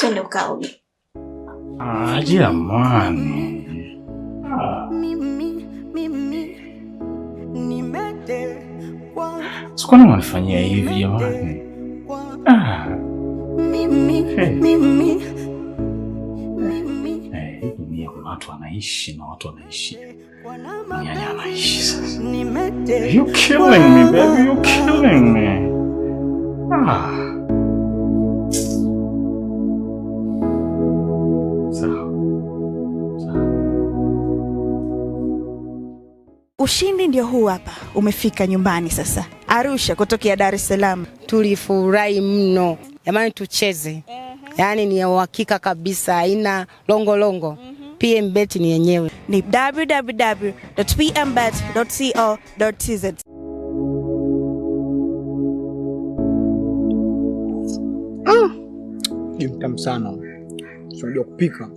Twende ukaoge. Ah, jamani. Sikuna mwanifanyia hivi jamani. Ah. Dunia eh, kuna watu wanaishi na watu wanaishi. Yani anaishi sasa. You killing me, baby, You're killing me. Ah. Ushindi ndio huu hapa, umefika nyumbani sasa. Arusha kutokea Dar es Salaam, tulifurahi mno jamani, tucheze mhm. yaani ni uhakika kabisa, haina longolongo. -huh. Mhm. PMBet ni yenyewe, ni www.pmbet.co.tz. Ah. Mtamu sana, unajua kupika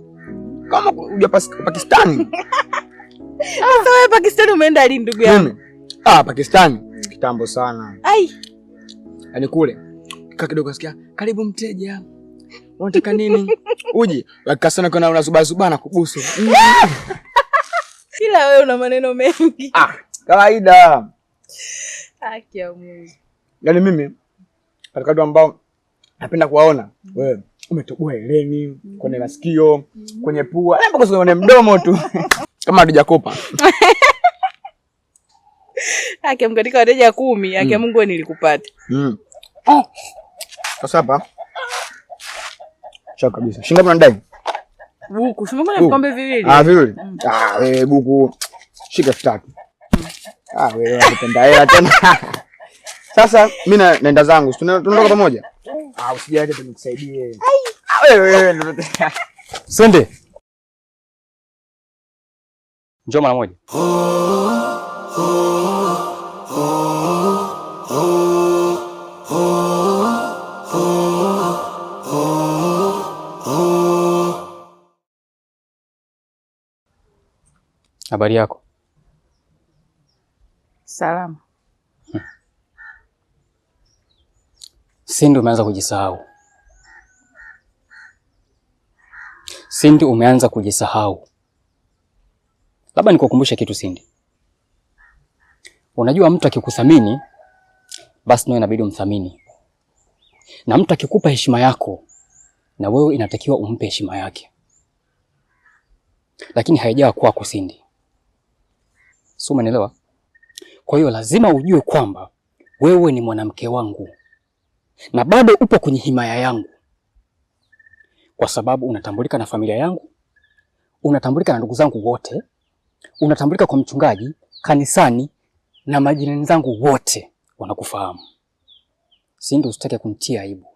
kama hujapakistani Ah. Sasa wewe Pakistan umeenda lini ndugu yangu? Ah, Pakistan kitambo sana. Ai. Yaani kule kaka kidogo kasikia, karibu mteja. Unataka nini? Uji, sana kuna unazuba na kubusu. Kila mm. wewe una maneno mengi. Ah, kawaida. Haki ya Mungu. Yaani mimi katika watu ambao napenda kuwaona wewe umetoboa eleni kwenye masikio, mm. kwenye pua, kwenye mdomo tu kama hatujakopa akiam katika wateja kumi akia hmm. Mungu wewe nilikupata. Mm. Oh. Sasa hapa. Chaka kabisa. Shingapi unadai? Buku, shinga mbona vikombe viwili? Ah, viwili. Mm. Ah, wewe buku. Shika elfu tatu. Mm. Ah, wewe unapenda hela tena. Sasa mimi na naenda zangu. Tunatoka pamoja. Hmm. Ah, usijali hata nikusaidie. Ah, wewe wewe. Sende. Njoo mara moja. Habari yako? Salama. Sindi umeanza kujisahau. Sindi umeanza kujisahau. Labda nikukumbushe kitu Sindi. Unajua mtu akikuthamini basi nawe inabidi umthamini, na mtu akikupa heshima yako na wewe inatakiwa umpe heshima yake, lakini haijawa kwako Sindi, si umeelewa? Kwa hiyo lazima ujue kwamba wewe ni mwanamke wangu na bado upo kwenye himaya yangu, kwa sababu unatambulika na familia yangu, unatambulika na ndugu zangu wote unatambulika kwa mchungaji kanisani na majirani zangu wote wanakufahamu. Sindi, usitake kunitia aibu,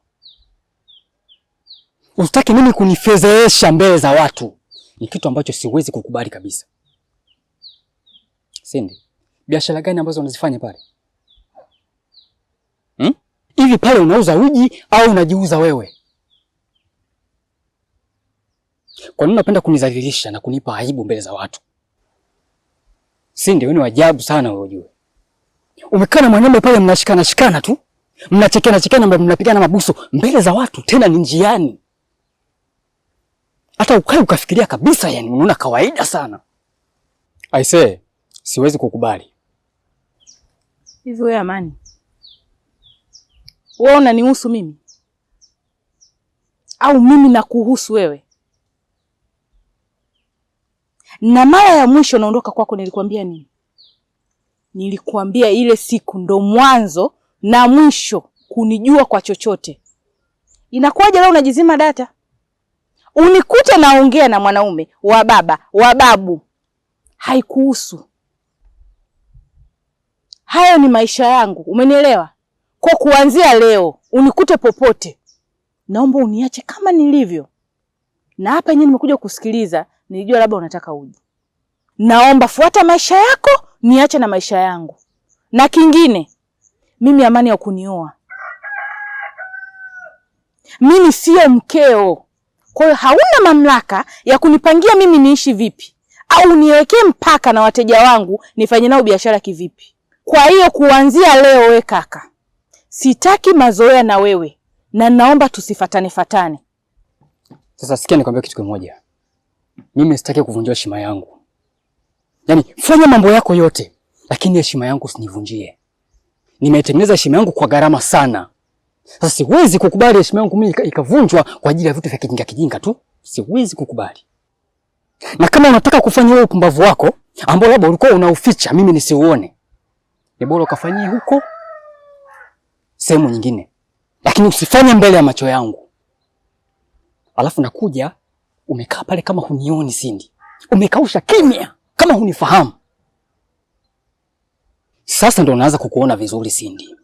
usitake mimi kunifezeesha mbele za watu. Ni kitu ambacho siwezi kukubali kabisa. Sindi, biashara gani ambazo unazifanya pale hmm? Hivi pale unauza uji au unajiuza wewe? Kwa nini unapenda kunidhalilisha na kunipa aibu mbele za watu? Si ndio? Ni wajabu sana wewe ujue. Umekaa na mwanaume pale mnashikana shikana tu. Mnachekana chekana mnapigana mabuso mbele za watu tena ni njiani. Hata ukae ukafikiria kabisa yani unaona kawaida sana. I say, siwezi kukubali. Hivi wewe Amani. Wewe unanihusu mimi? Au mimi nakuhusu wewe? na mara ya mwisho naondoka kwako nilikwambia nini? Nilikuambia ile siku ndo mwanzo na mwisho kunijua kwa chochote. Inakuwaje leo unajizima data? Unikute naongea na mwanaume wa baba wa babu, haikuhusu. Hayo ni maisha yangu, umenielewa? Kwa kuanzia leo unikute popote, naomba uniache kama nilivyo, na hapa yenyewe nimekuja kusikiliza nilijua labda unataka uje. Naomba fuata maisha yako, niache na maisha yangu. Na kingine, mimi Amani ya kunioa mimi sio mkeo, kwa hiyo hauna mamlaka ya kunipangia mimi niishi vipi au niwekee mpaka na wateja wangu nifanye nao biashara kivipi. Kwa hiyo kuanzia leo, we kaka, sitaki mazoea na wewe na naomba tusifatane fatane. Sasa sikia, nikwambia kitu kimoja mimi sitaki kuvunjwa heshima yangu. Yaani fanya mambo yako yote, lakini heshima yangu usinivunjie. Nimetengeneza heshima yangu kwa gharama sana. Sasa siwezi kukubali heshima yangu mimi ikavunjwa kwa ajili ya vitu vya kijinga kijinga tu. Siwezi kukubali. Na kama unataka kufanya wewe upumbavu wako ambao labda ulikuwa unauficha mimi nisiuone, ni bora ukafanyie huko sehemu nyingine, lakini usifanye mbele ya macho yangu. Alafu nakuja Umekaa pale kama hunioni, Sindi. Umekausha kimya kama hunifahamu. Sasa ndo naanza kukuona vizuri, Sindi.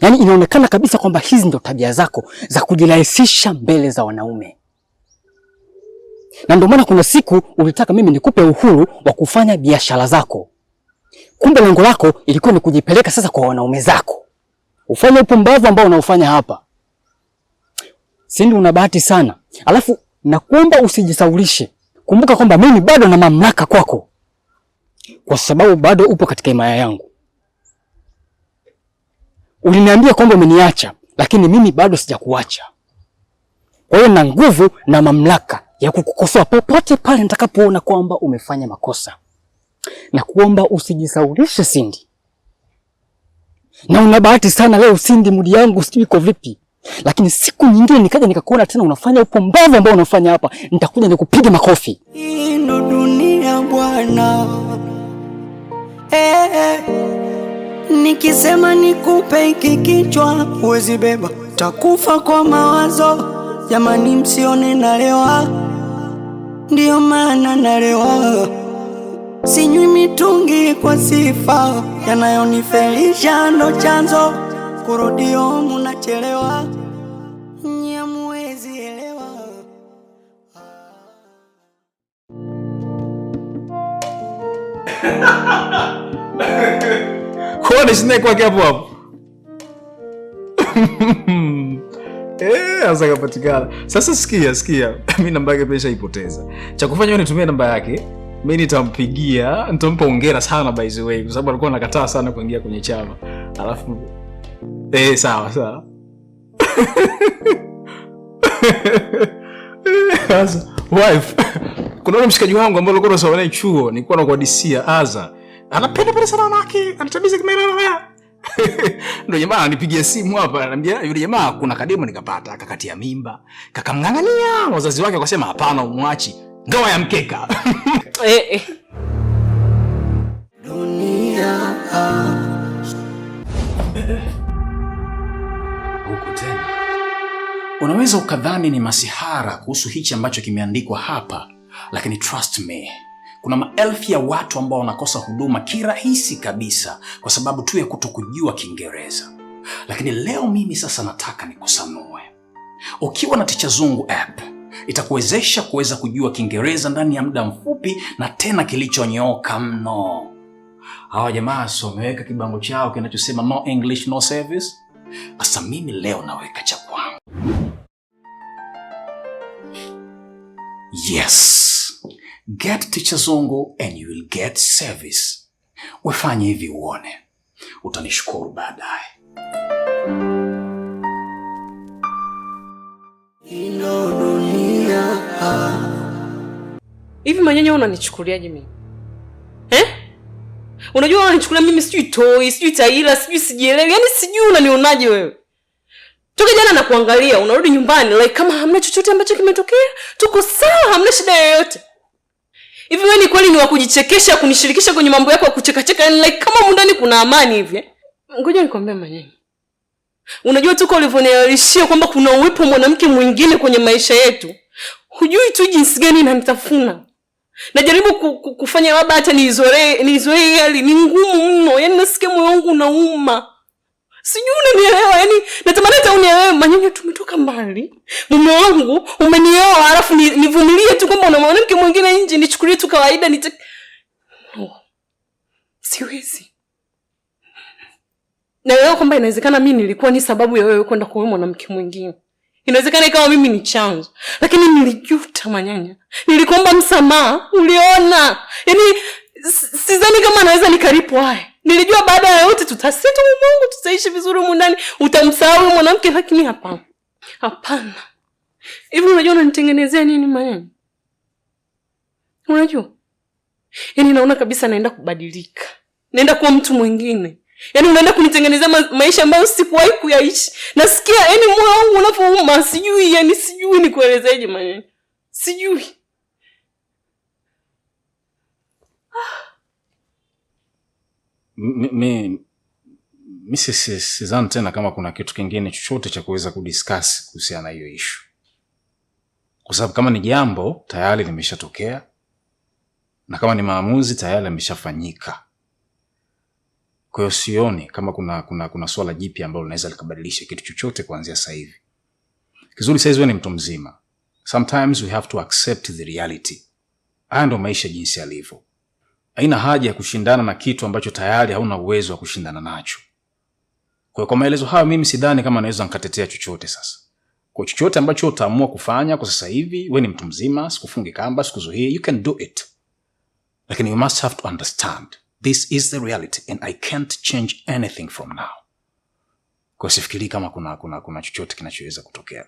Yaani inaonekana kabisa kwamba hizi ndo tabia zako za kujirahisisha mbele za wanaume, na ndio maana kuna siku ulitaka mimi nikupe uhuru wa kufanya biashara zako, kumbe lengo lako ilikuwa ni kujipeleka sasa kwa wanaume zako, ufanye upumbavu ambao unaofanya hapa. Sindi, una bahati sana, alafu na kuomba usijisaulishe. Kumbuka kwamba mimi bado na mamlaka kwako, kwa sababu bado upo katika imaya yangu. Uliniambia kwamba umeniacha, lakini mimi bado sijakuacha. Kwa hiyo na nguvu na mamlaka ya kukukosoa popote pale nitakapoona kwamba umefanya makosa, na kuomba usijisaulishe Sindi. Na una bahati sana leo Sindi, mudi yangu sijui iko vipi lakini siku nyingine nikaja nikakuona tena unafanya upumbavu ambao unafanya hapa, nitakuja nikupige makofi. Hii ndo dunia bwana. Eh, eh, nikisema nikupe hiki kichwa huwezi beba, takufa kwa mawazo. Jamani, msione nalewa, ndiyo maana nalewa, sinywi mitungi kwa sifa, yanayonifelisha ndo chanzo kurudio munachelewa, nye muwezi elewa. Kuona snack wake hapo hapo eh, Asa kapatikana. Sasa sikia, sikia, mi namba yake pesha ipoteza. Cha kufanya nitumie namba yake, mi nitampigia, nitampa ongera sana by the way, kwa sababu alikuwa anakataa sana kuingia kwenye chama alafu Eh, sawa sawa. wife. Kuna ule mshikaji wangu ambaye alikuwa anasoma naye chuo, nilikuwa nakuadisia Aza. Anapenda pale sana wanawake, anatabisa kama wewe. Ndio jamaa ananipigia simu hapa, ananiambia yule jamaa kuna kademo nikapata, akakatia mimba. Kakamng'ang'ania, wazazi wake wakasema hapana umwachi. Ndoa ya mkeka. Eh eh. Dunia. Ah. yako tena. Unaweza ukadhani ni masihara kuhusu hichi ambacho kimeandikwa hapa, lakini trust me, kuna maelfu ya watu ambao wanakosa huduma kirahisi kabisa kwa sababu tu ya kutokujua Kiingereza. Lakini leo mimi sasa nataka nikusanue. Ukiwa na Ticha Zungu app itakuwezesha kuweza kujua Kiingereza ndani ya muda mfupi na tena kilichonyooka mno. Hawa jamaa wameweka kibango chao kinachosema no English no service. Sasa mimi leo naweka cha kwangu. Yes. Get teacher Zongo and you will get service. Wefanye hivi uone, utanishukuru baadaye. Hivi manyanya, unanichukuliaje mimi? Unajua unanichukulia mimi sijui toi, sijui taira, sijui sijielewi. Yaani sijui unanionaje wewe. Toka jana nakuangalia, unarudi nyumbani like kama hamna chochote ambacho kimetokea. Tuko sawa, hamna shida yoyote. Hivi wewe ni kweli ni wa kujichekesha, kunishirikisha kwenye mambo yako ya kuchekacheka, yaani like kama mundani kuna amani hivi. Eh? Ngoja nikwambie manyenye. Unajua toka ulivyonialishia kwamba kuna uwepo mwanamke mwingine kwenye maisha yetu. Hujui tu jinsi gani inanitafuna najaribu kufanya labda hata nizoee nizoee hali ni ngumu mno yani nasikia moyo wangu unauma sijui unanielewa yani natamani hata unielewe manyanya tumetoka mbali mume wangu umenioa alafu nivumilie tu kwamba una mwanamke mwingine nje nichukulie tu kawaida nite... siwezi naelewa kwamba inawezekana mi nilikuwa ni sababu ya wewe kwenda kuwe mwanamke mwingine Inawezekana ikawa mimi ni chanzo, lakini nilijuta Manyanya, nilikuomba msamaha, uliona. Yaani sidhani kama naweza nikaripwa haya. Nilijua baada ya yote tutasitu Mungu, tutaishi vizuri humu ndani, utamsahau mwanamke, lakini hapana, hapana. Hivi unajua unanitengenezea nini Manyanya? Unajua yaani, naona kabisa naenda kubadilika, naenda kuwa mtu mwingine. Yaani unaenda kunitengenezea ma maisha ambayo sikuwahi kuyaishi. Nasikia yani moyo wangu unapouma, sijui yani sijui nikuelezeje maneno. Sijui. Mi mi tena kama kuna kitu kingine chochote cha kuweza kudiscuss kuhusiana na hiyo issue. Kwa sababu kama ni jambo tayari limeshatokea na kama ni maamuzi tayari yameshafanyika. Kwa hiyo sioni kama kuna, kuna, kuna swala jipya ambalo linaweza likabadilisha kitu chochote kuanzia sasa hivi. Kizuri sasa hivi ni mtu mzima. Sometimes we have to accept the reality. Haya ndo maisha jinsi yalivyo. Haina haja ya kushindana na kitu ambacho tayari hauna uwezo wa kushindana nacho. Kwa hiyo kwa maelezo hayo, mimi sidhani kama naweza nkatetea chochote sasa. Kwa chochote ambacho utaamua kufanya kwa sasa hivi, we ni mtu mzima, sikufungi kamba, sikuzuhii you can do it. Lakini you must have to understand This is the reality and I can't change anything from now. Kwa sifikiri kama kuna, kuna, kuna chochote kinachoweza kutokea.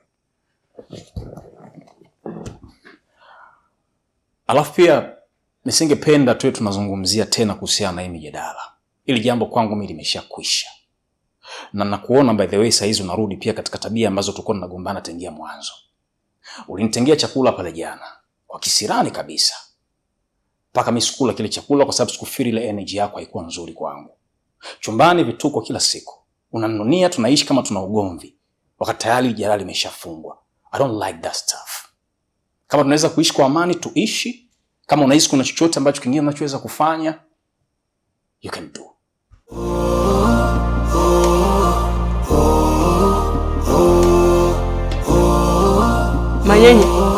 Alafu pia nisingependa tuwe tunazungumzia tena kuhusiana na hii mijadala. ili jambo kwangu mi limeshakwisha, na nakuona by the way, saa unarudi pia katika tabia ambazo tulikuwa tunagombana tengia mwanzo. Ulinitengea chakula pale jana kwa kisirani kabisa mpaka mimi sikula kile chakula kwa sababu sikufiri ile energy yako haikuwa nzuri kwangu. Chumbani vituko kila siku, unanunia, tunaishi kama tuna ugomvi wakati tayari jeraha limeshafungwa. I don't like that stuff. Kama tunaweza kuishi kwa amani tuishi. Kama unahisi kuna chochote ambacho kingine unachoweza kufanya, you can do. Manyenye.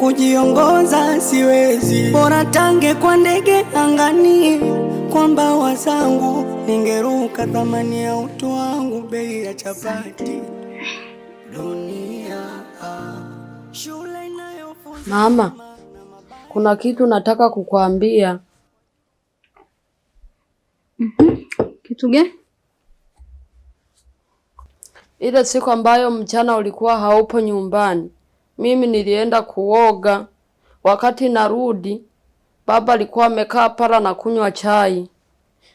kujiongoza siwezi, bora tange kwa ndege angani, kwa mbawa zangu ningeruka. Thamani ya utu wangu bei ya chapati dunia. Shule inayofunza mama, kuna kitu nataka kukuambia. Mhm. Kitu gani? Ile siku ambayo mchana ulikuwa haupo nyumbani mimi nilienda kuoga. Wakati narudi, baba alikuwa amekaa pala na kunywa chai.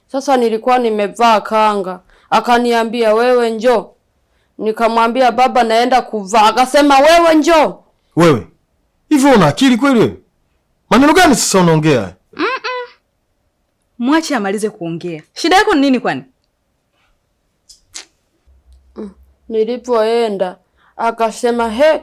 Sasa nilikuwa nimevaa kanga, akaniambia wewe njo. Nikamwambia baba, naenda kuvaa. Akasema wewe njo. Wewe hivyo una akili kweli? Wewe maneno gani sasa unaongea? Mwache amalize kuongea. Shida yako ni nini kwani? Mm, nilipoenda akasema he,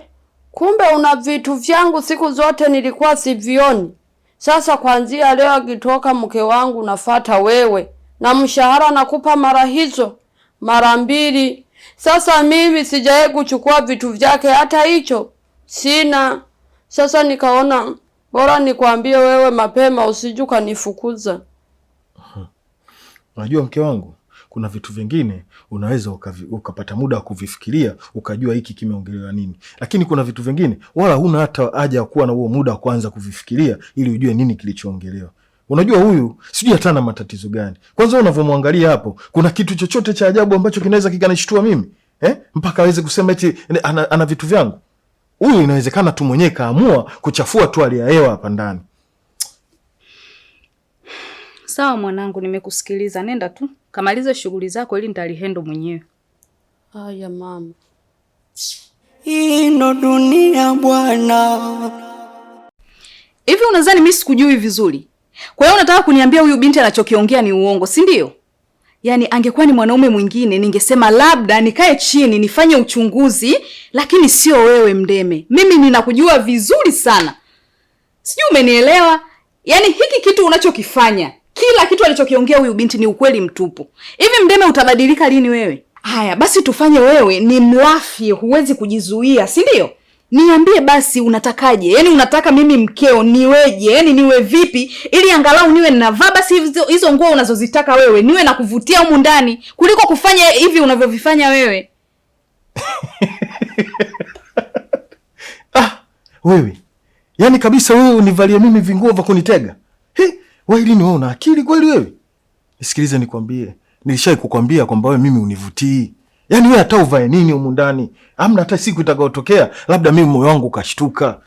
Kumbe una vitu vyangu siku zote nilikuwa sivioni. Sasa kuanzia leo akitoka mke wangu nafata wewe, na mshahara nakupa mara hizo mara mbili. Sasa mimi sijawahi kuchukua vitu vyake, hata hicho sina. Sasa nikaona bora nikwambie wewe mapema, usiju kanifukuza Unajua mke wangu, kuna vitu vingine unaweza ukapata muda wa kuvifikiria, ukajua hiki kimeongelewa nini. Lakini kuna vitu vingine wala huna hata haja ya kuwa na huo muda wa kuanza kuvifikiria ili ujue nini kilichoongelewa. Unajua huyu sijui hata na matatizo gani. Kwanza unavyomwangalia hapo, kuna kitu chochote cha ajabu ambacho kinaweza kikanishtua mimi eh? mpaka aweze kusema eti ana, ana vitu vyangu. Huyu inawezekana tu mwenyewe kaamua kuchafua tu hali ya hewa hapa ndani. Sawa mwanangu, nimekusikiliza. Nenda tu kamalize shughuli zako, ili nitalihendo mwenyewe. Haya mama, hii ndo dunia bwana. Hivi unadhani mimi sikujui vizuri? Kwa hiyo unataka kuniambia huyu binti anachokiongea ni uongo, si ndio? Yaani angekuwa ni mwanaume mwingine ningesema labda nikae chini nifanye uchunguzi, lakini sio wewe Mdeme. Mimi ninakujua vizuri sana. Sijui umenielewa? Yaani hiki kitu unachokifanya kila kitu alichokiongea huyu binti ni ukweli mtupu. Hivi Mdeme, utabadilika lini wewe? Haya basi, tufanye wewe ni mlafi, huwezi kujizuia, si ndio? Niambie basi unatakaje? Yaani unataka mimi mkeo niweje? Yaani niwe vipi ili angalau niwe navaa basi hizo nguo unazozitaka wewe, niwe na kuvutia humu ndani kuliko kufanya hivi unavyovifanya wewe. Ah, wewe yaani kabisa wewe univalie mimi vinguo vya kunitega. He? Wewe hili wewe una akili kweli wewe? Nisikilize nikwambie. Nilishai kukwambia kwamba wewe mimi univutii. Yaani wewe hata uvae nini humu ndani? Hamna hata siku itakayotokea labda mimi moyo wangu ukashtuka.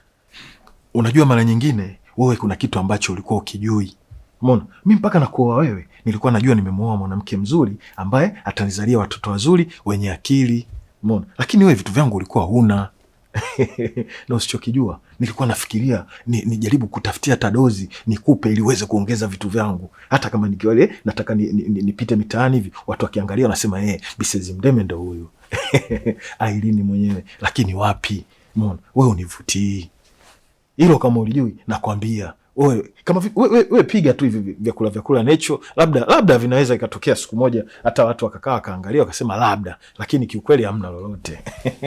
Unajua mara nyingine wewe kuna kitu ambacho ulikuwa ukijui. Umeona? Mimi mpaka nakuoa wewe nilikuwa najua nimemuoa mwanamke mzuri ambaye atanizalia watoto wazuri wenye akili. Umeona? Lakini wewe vitu vyangu ulikuwa huna. na usichokijua nilikuwa nafikiria nijaribu ni kutafutia tadozi nikupe ili uweze kuongeza vitu vyangu, hata kama nikiwa ile nataka nipite ni, ni, ni mitaani hivi, watu wakiangalia wanasema eh, Bisezi Mdeme ndo huyu Ailini mwenyewe. Lakini wapi, mona, wewe univutii hilo, kama ulijui nakwambia wewe kama wewe we, piga tu hivi vyakula vyakula nature, labda labda vinaweza ikatokea siku moja hata watu wakakaa wakaangalia wakasema labda, lakini kiukweli hamna lolote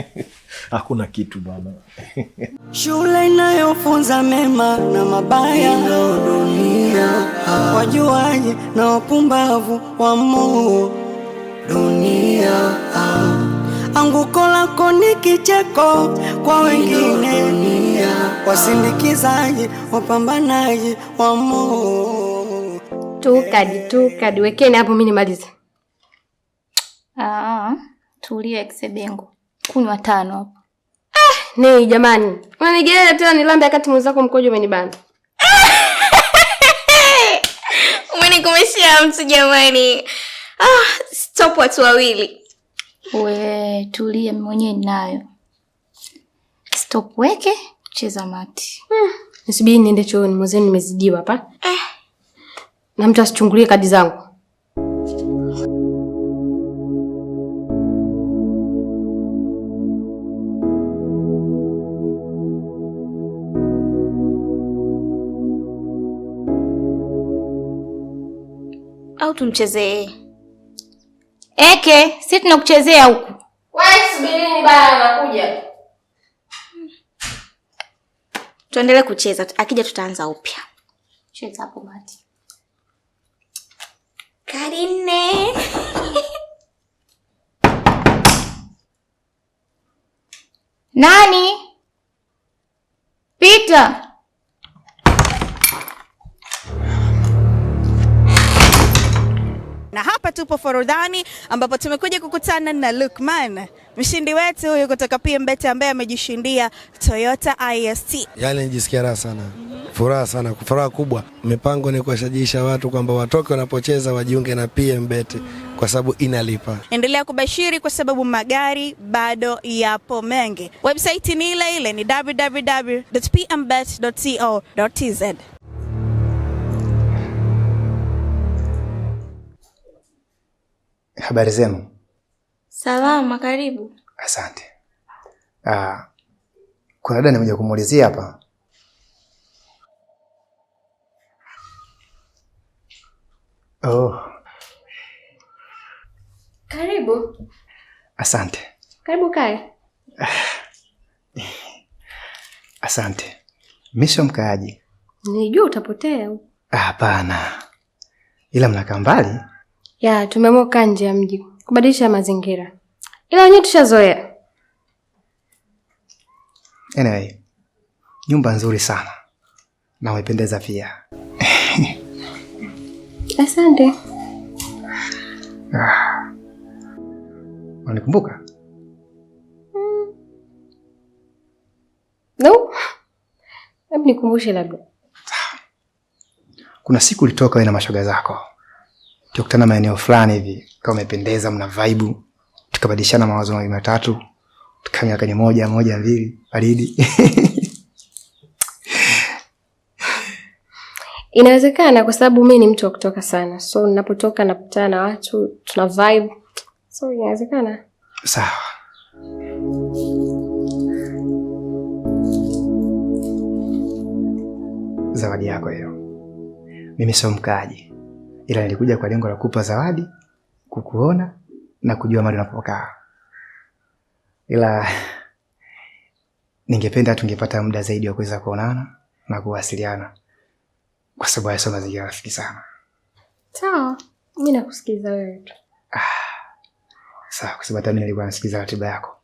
hakuna kitu bana. Shule inayofunza mema na mabaya, dunia wajuaji na wapumbavu wa moo dunia, anguko lako ni kicheko kwa wengine dunia wasindikizaji, wapambanaji wa Mungu. Tukadi, tukadi, wekeni hapo, mimi nimalize. Ah, ah tulia eksebengo kunywa tano hapo. Ah, ni jamani, unanigelea tena nilambe akati mwenzako mkojo umenibana umenikomeshea mtu jamani. Ah, stop watu wawili. We tulia, mwenyewe ninayo stop weke kucheza mati. Hmm. Nisubiri niende chooni, mwenzenu nimezidiwa hapa. Eh. Na mtu asichungulie kadi zangu. Au tumchezee eke? Si tunakuchezea huku. Wewe subiri ni bana anakuja tuendelee kucheza, akija tutaanza upya. Cheza hapo Mati. Karine. Nani? Peter. Na hapa tupo Forodhani ambapo tumekuja kukutana na Lukman, mshindi wetu huyu kutoka PMbet ambaye amejishindia Toyota IST. Yaani nijisikia raha sana Furaha sana, furaha kubwa. Mipango ni kuwashajiisha watu kwamba watoke wanapocheza wajiunge na PMbet kwa sababu inalipa. Endelea kubashiri kwa sababu magari bado yapo mengi. Website ni ile ile ni www.pmbet.co.tz. Habari zenu? Salama, karibu. Asante. Ah, kuna dada nimekuja kumuulizia hapa. Oh. Karibu. Asante. Karibu kae. Asante. Mimi sio mkaaji. Nijua utapotea. Hapana. Ila mnakaa mbali ya tumeamua kukaa nje ya mji kubadilisha mazingira, ila wenyewe tushazoea. Anyway, nyumba nzuri sana na umependeza pia. Asante. Ah, unanikumbuka? Mm. No, hebu nikumbushe labda. Kuna siku ulitoka wewe na mashoga zako tukutana maeneo fulani hivi, kama umependeza, mna vibe, tukabadilishana mawazo mawili matatu, tukaa miaka moja moja mbili baridi Inawezekana kwa sababu mi ni mtu wa kutoka sana, so ninapotoka nakutana na watu tuna vibe, so inawezekana. Sawa. Zawadi yako hiyo. Mimi sio mkaaji ila nilikuja kwa lengo la kupa zawadi, kukuona na kujua mahali unapokaa, ila ningependa tungepata muda zaidi wa kuweza kuonana na kuwasiliana, kwa sababu ya soma mazingira rafiki sana. Sawa, mimi nakusikiliza wewe tu. Ah, sawa, kwa sababu hata mimi nilikuwa nasikiliza ratiba yako.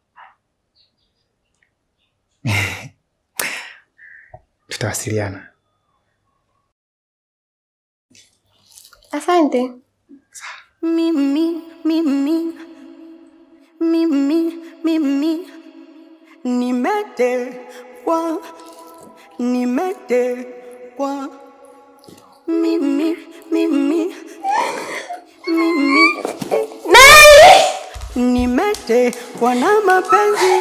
Tutawasiliana. Asante. Mimi, mimi, mimi, mimi, nimetekwa, nimetekwa. Mimi, mimi, mimi, nani? Nimetekwa na mapenzi,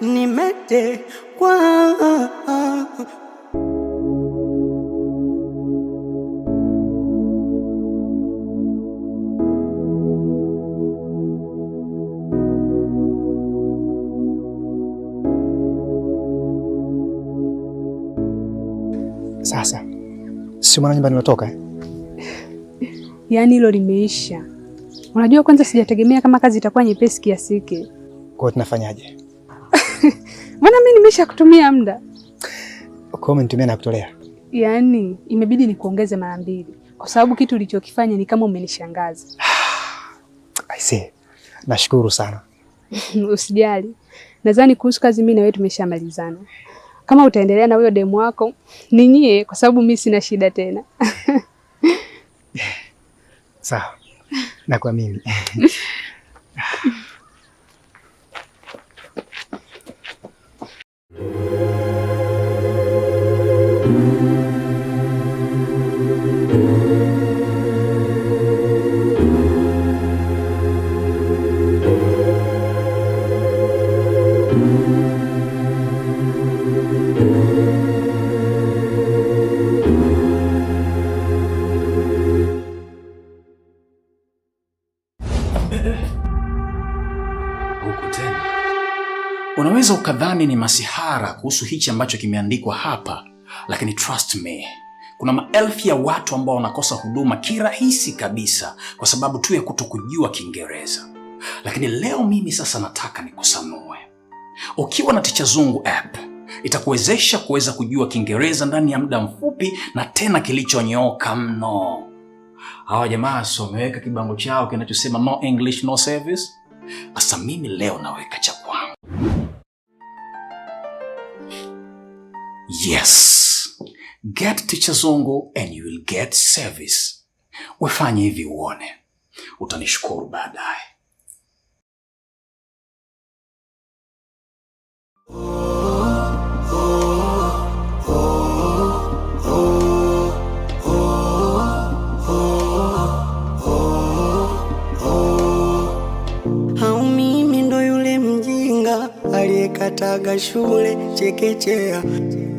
nimetekwa Sio maana nyumbani unatoka eh? Yaani hilo limeisha. Unajua, kwanza sijategemea kama kazi itakuwa nyepesi kiasi hiki. Kwa hiyo tunafanyaje? Mbona mimi nimesha kutumia muda. Kwa hiyo umenitumia na kutolea? Yaani imebidi nikuongeze mara mbili kwa sababu kitu ulichokifanya ni kama umenishangaza. I see. Nashukuru sana. Usijali. Nadhani kuhusu kazi mimi na wewe tumeshamalizana kama utaendelea na huyo demu wako ni nyie, kwa sababu mi sina shida tena. Sawa, nakuamini. imani ni masihara kuhusu hichi ambacho kimeandikwa hapa, lakini trust me, kuna maelfu ya watu ambao wanakosa huduma kirahisi kabisa kwa sababu tu ya kutokujua Kiingereza. Lakini leo mimi sasa nataka nikusanue. Ukiwa na Ticha Zungu app itakuwezesha kuweza kujua Kiingereza ndani ya muda mfupi na tena kilichonyooka mno. Hawa jamaa si wameweka kibango chao kinachosema no English no service? Asa mimi leo naweka cha Yes. Get Teacher Zongo and you will get service. Wefanye hivi uone, utanishukuru baadaye. Hau, ndo yule mjinga aliyekataga shule chekechea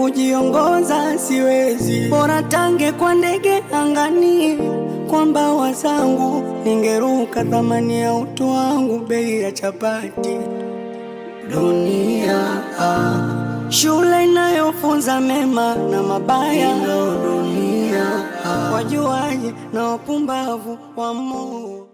kujiongoza siwezi, bora tange kwa ndege angani, kwa mbawa zangu ningeruka. Thamani ya utu wangu bei ya chapati. Dunia ah, shule inayofunza mema na mabaya. Dunia ah, wajuaji na wapumbavu wa Mungu.